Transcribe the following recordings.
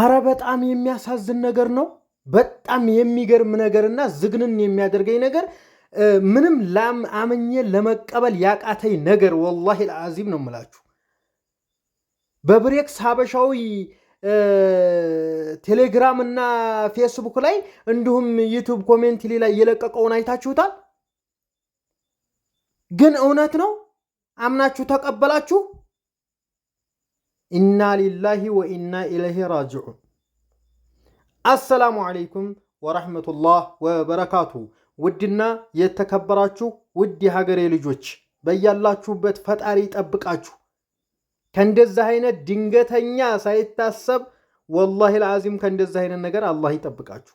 አረ በጣም የሚያሳዝን ነገር ነው። በጣም የሚገርም ነገርና ዝግንን የሚያደርገኝ ነገር ምንም አምኜ ለመቀበል ያቃተኝ ነገር ወላሂ ለአዚም ነው የምላችሁ። በብሬክስ ሀበሻዊ ቴሌግራም እና ፌስቡክ ላይ እንዲሁም ዩቱብ ኮሜንት ላይ የለቀቀውን አይታችሁታል። ግን እውነት ነው አምናችሁ ተቀበላችሁ። ኢና ሊላሂ ወኢና ኢለይሂ ራጅዑን። አሰላሙ ዓለይኩም ወረሕመቱላህ ወበረካቱ። ውድና የተከበራችሁ ውድ የሀገሬ ልጆች በያላችሁበት ፈጣሪ ይጠብቃችሁ። ከእንደዚህ አይነት ድንገተኛ ሳይታሰብ ወላሂ ልዓዚም ከእንደዚህ አይነት ነገር አላህ ይጠብቃችሁ።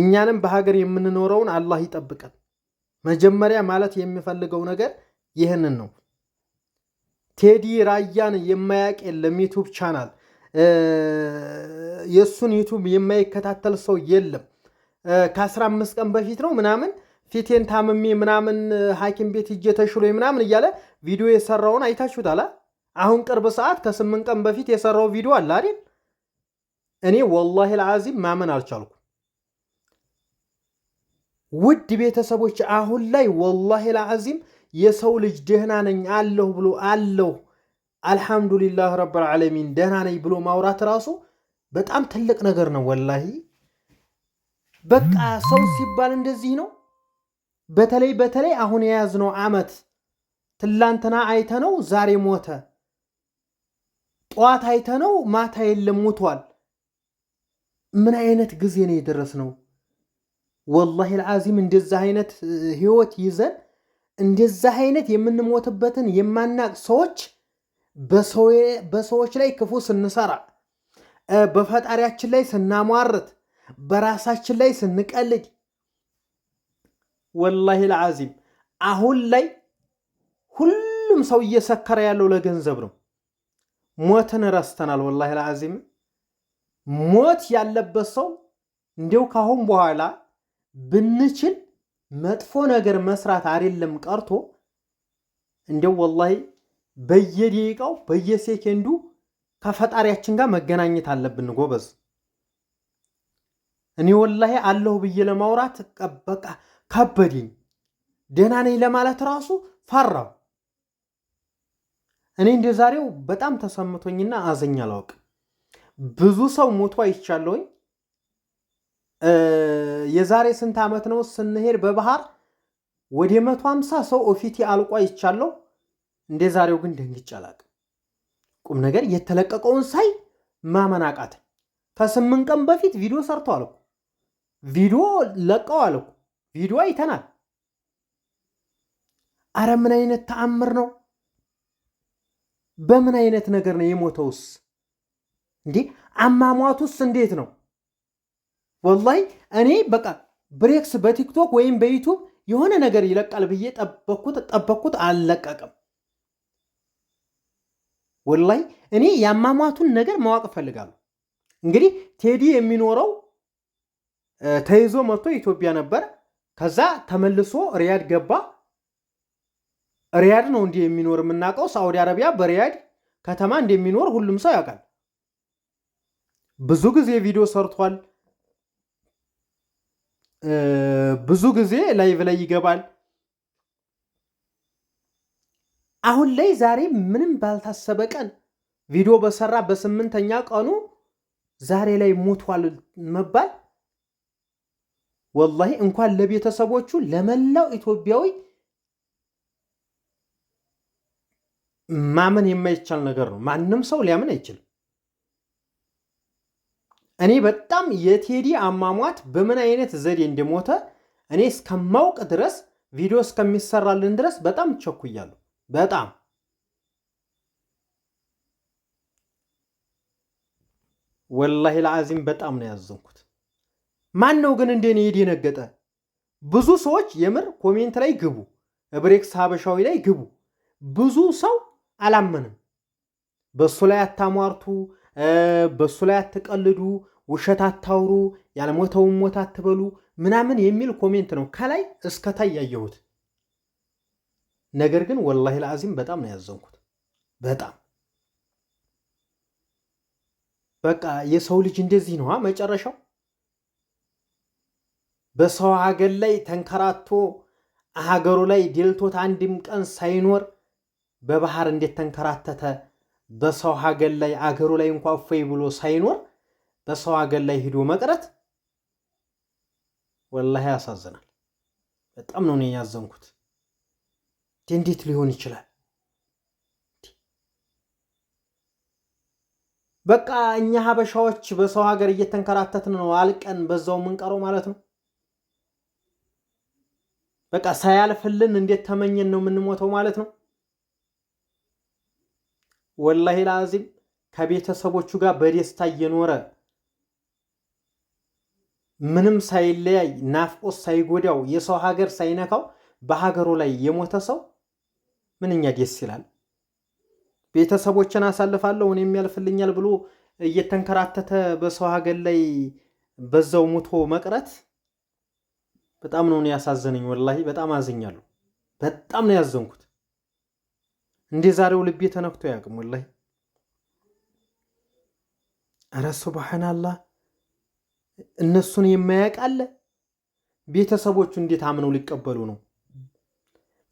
እኛንም በሀገር የምንኖረውን አላህ ይጠብቀን። መጀመሪያ ማለት የሚፈልገው ነገር ይህንን ነው። ቴዲ ራያን የማያቅ የለም። ዩቱብ ቻናል የእሱን ዩቱብ የማይከታተል ሰው የለም። ከ15 ቀን በፊት ነው ምናምን ፊቴን ታምሜ ምናምን ሐኪም ቤት ሂጄ ተሽሎ ምናምን እያለ ቪዲዮ የሰራውን አይታችሁታል። አሁን ቅርብ ሰዓት ከስምንት ቀን በፊት የሰራው ቪዲዮ አለ አይደል? እኔ ወላሂ ልዓዚም ማመን አልቻልኩ? ውድ ቤተሰቦች አሁን ላይ ወላሂ ልዓዚም የሰው ልጅ ደህና ነኝ አለሁ ብሎ አለሁ አልሐምዱሊላህ ረብል ዓለሚን ደህና ነኝ ብሎ ማውራት ራሱ በጣም ትልቅ ነገር ነው። ወላሂ በቃ ሰው ሲባል እንደዚህ ነው። በተለይ በተለይ አሁን የያዝነው ዓመት ትላንትና አይተነው ዛሬ ሞተ፣ ጠዋት አይተነው ማታ የለም ሙቷል። ምን አይነት ጊዜ ነው የደረስነው? ወላሂ ልዓዚም እንደዚህ አይነት ህይወት ይዘን እንደዛ አይነት የምንሞትበትን የማናቅ ሰዎች በሰዎች ላይ ክፉ ስንሰራ፣ በፈጣሪያችን ላይ ስናሟርት፣ በራሳችን ላይ ስንቀልድ ወላሂ ለዓዚም አሁን ላይ ሁሉም ሰው እየሰከረ ያለው ለገንዘብ ነው። ሞትን ረስተናል። ወላሂ ለዓዚም ሞት ያለበት ሰው እንዲው ካሁን በኋላ ብንችል መጥፎ ነገር መስራት አይደለም ቀርቶ እንደው ወላሂ በየደቂቃው በየሴኬንዱ ከፈጣሪያችን ጋር መገናኘት አለብን ጎበዝ። እኔ ወላሂ አለሁ ብዬ ለማውራት በቃ ከበደኝ። ደህና ነኝ ለማለት ራሱ ፈራው። እኔ እንደ ዛሬው በጣም ተሰምቶኝና አዘኝ አላውቅ ብዙ ሰው ሞቶ አይቻለሁኝ። የዛሬ ስንት ዓመት ነው ስንሄድ በባህር ወደ መቶ ሰው ኦፊቴ አልቆ አይቻለሁ። እንደ ዛሬው ግን ደንግጬ አላቅም። ቁም ነገር የተለቀቀውን ሳይ ማመን ከስምን ከስምንት ቀን በፊት ቪዲዮ ሰርተዋል አልኩ፣ ቪዲዮ ለቀው አልኩ፣ ቪዲዮ አይተናል። አረ ምን አይነት ተአምር ነው? በምን አይነት ነገር ነው የሞተውስ? እንዴ አማሟቱስ እንዴት ነው? ወላይ እኔ በቃ ብሬክስ በቲክቶክ ወይም በዩቱብ የሆነ ነገር ይለቃል ብዬ ጠበኩት ጠበኩት፣ አልለቀቅም። ወላይ እኔ የአሟሟቱን ነገር ማወቅ እፈልጋለሁ። እንግዲህ ቴዲ የሚኖረው ተይዞ መጥቶ ኢትዮጵያ ነበር። ከዛ ተመልሶ ሪያድ ገባ። ሪያድ ነው እንዲህ የሚኖር የምናውቀው። ሳዑዲ አረቢያ በሪያድ ከተማ እንደሚኖር ሁሉም ሰው ያውቃል። ብዙ ጊዜ ቪዲዮ ሰርቷል። ብዙ ጊዜ ላይቭ ላይ ይገባል። አሁን ላይ ዛሬ ምንም ባልታሰበ ቀን ቪዲዮ በሰራ በስምንተኛ ቀኑ ዛሬ ላይ ሞቷል መባል ወላሂ እንኳን ለቤተሰቦቹ ለመላው ኢትዮጵያዊ ማመን የማይቻል ነገር ነው። ማንም ሰው ሊያምን አይችልም። እኔ በጣም የቴዲ አሟሟት በምን አይነት ዘዴ እንደሞተ እኔ እስከማውቅ ድረስ ቪዲዮ እስከሚሰራልን ድረስ በጣም ቸኩያለሁ። በጣም ወላሂ ለአዚም በጣም ነው ያዘንኩት። ማን ነው ግን እንደ እኔ የደነገጠ? ብዙ ሰዎች የምር ኮሜንት ላይ ግቡ፣ ብሬክስ ሀበሻዊ ላይ ግቡ። ብዙ ሰው አላመንም። በእሱ ላይ አታሟርቱ፣ በእሱ ላይ አትቀልዱ፣ ውሸት አታውሩ፣ ያልሞተውን ሞት አትበሉ ምናምን የሚል ኮሜንት ነው ከላይ እስከታይ ያየሁት። ነገር ግን ወላሂ ለአዚም በጣም ነው ያዘንኩት። በጣም በቃ የሰው ልጅ እንደዚህ ነው መጨረሻው። በሰው ሀገር ላይ ተንከራቶ ሀገሩ ላይ ዴልቶት አንድም ቀን ሳይኖር በባህር እንዴት ተንከራተተ። በሰው ሀገር ላይ አገሩ ላይ እንኳ እፎይ ብሎ ሳይኖር በሰው ሀገር ላይ ሂዶ መቅረት ወላሂ ያሳዝናል። በጣም ነው እኔ ያዘንኩት። እንዴት ሊሆን ይችላል? በቃ እኛ ሀበሻዎች በሰው ሀገር እየተንከራተትን ነው አልቀን በዛው የምንቀረው ማለት ነው። በቃ ሳያልፍልን እንዴት ተመኘን ነው የምንሞተው ማለት ነው። ወላሂ ላዚም ከቤተሰቦቹ ጋር በደስታ እየኖረ ምንም ሳይለያይ ናፍቆት ሳይጎዳው የሰው ሀገር ሳይነካው በሀገሩ ላይ የሞተ ሰው ምንኛ ደስ ይላል። ቤተሰቦችን አሳልፋለሁ እኔም ያልፍልኛል ብሎ እየተንከራተተ በሰው ሀገር ላይ በዛው ሙቶ መቅረት በጣም ነው ያሳዘነኝ። ወላሂ በጣም አዝኛለሁ። በጣም ነው ያዘንኩት። እንደ ዛሬው ልቤ ተነክቶ ያቅም ወላሂ። ኧረ ሱብሃናላህ እነሱን የማያውቅ አለ? ቤተሰቦቹ እንዴት አምነው ሊቀበሉ ነው?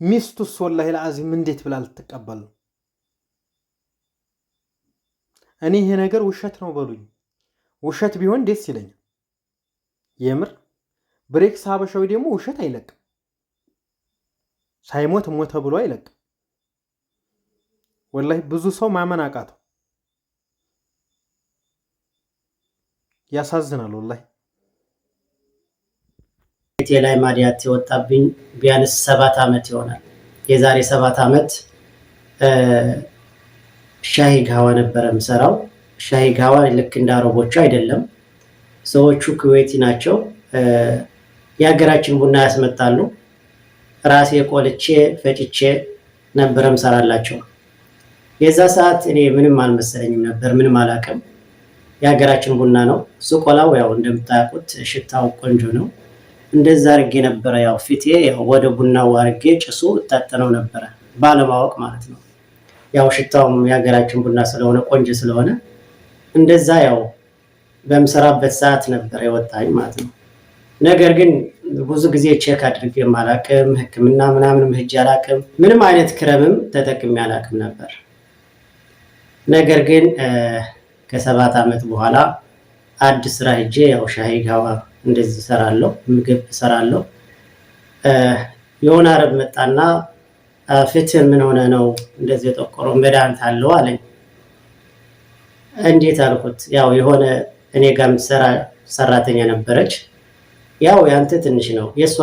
ሚስቱስ ወላሂ ለአዚም እንዴት ብላ ልትቀበል ነው? እኔ ይሄ ነገር ውሸት ነው በሉኝ። ውሸት ቢሆን ደስ ይለኛል የምር። ብሬክስ ሀበሻዊ ደግሞ ውሸት አይለቅም፣ ሳይሞት ሞተ ብሎ አይለቅም። ወላሂ ብዙ ሰው ማመን አቃተው። ያሳዝናል። ወላይ ቤቴ ላይ ማዲያት የወጣብኝ ቢያንስ ሰባት ዓመት ይሆናል። የዛሬ ሰባት ዓመት ሻሂ ጋዋ ነበረ ምሰራው። ሻሂ ጋዋ ልክ እንደ አረቦቹ አይደለም። ሰዎቹ ክዌቲ ናቸው። የሀገራችን ቡና ያስመጣሉ። ራሴ ቆልቼ ፈጭቼ ነበረ ምሰራላቸው። የዛ ሰዓት እኔ ምንም አልመሰለኝም ነበር፣ ምንም አላውቅም። የሀገራችን ቡና ነው። ስቆላው ያው እንደምታውቁት ሽታው ቆንጆ ነው። እንደዛ አርጌ ነበረ። ያው ፊቴ ወደ ቡናው አርጌ ጭሱ እታጠነው ነበረ ባለማወቅ ማለት ነው። ያው ሽታውም የሀገራችን ቡና ስለሆነ ቆንጆ ስለሆነ እንደዛ ያው በምሰራበት ሰዓት ነበረ የወጣኝ ማለት ነው። ነገር ግን ብዙ ጊዜ ቼክ አድርጌም አላቅም፣ ሕክምና ምናምንም ሂጅ አላቅም፣ ምንም አይነት ክረምም ተጠቅሜ አላቅም ነበር ነገር ግን ከሰባት ዓመት በኋላ አዲስ ስራ ሄጄ ያው ሻሂ ጋዋ እንደዚህ እሰራለሁ፣ ምግብ እሰራለሁ። የሆነ አረብ መጣና ፍትህ ምን ሆነ ነው እንደዚህ የጠቆረው? መድኃኒት አለው አለኝ። እንዴት አልኩት። ያው የሆነ እኔ ጋር የምትሰራ ሰራተኛ ነበረች። ያው ያንተ ትንሽ ነው የእሷ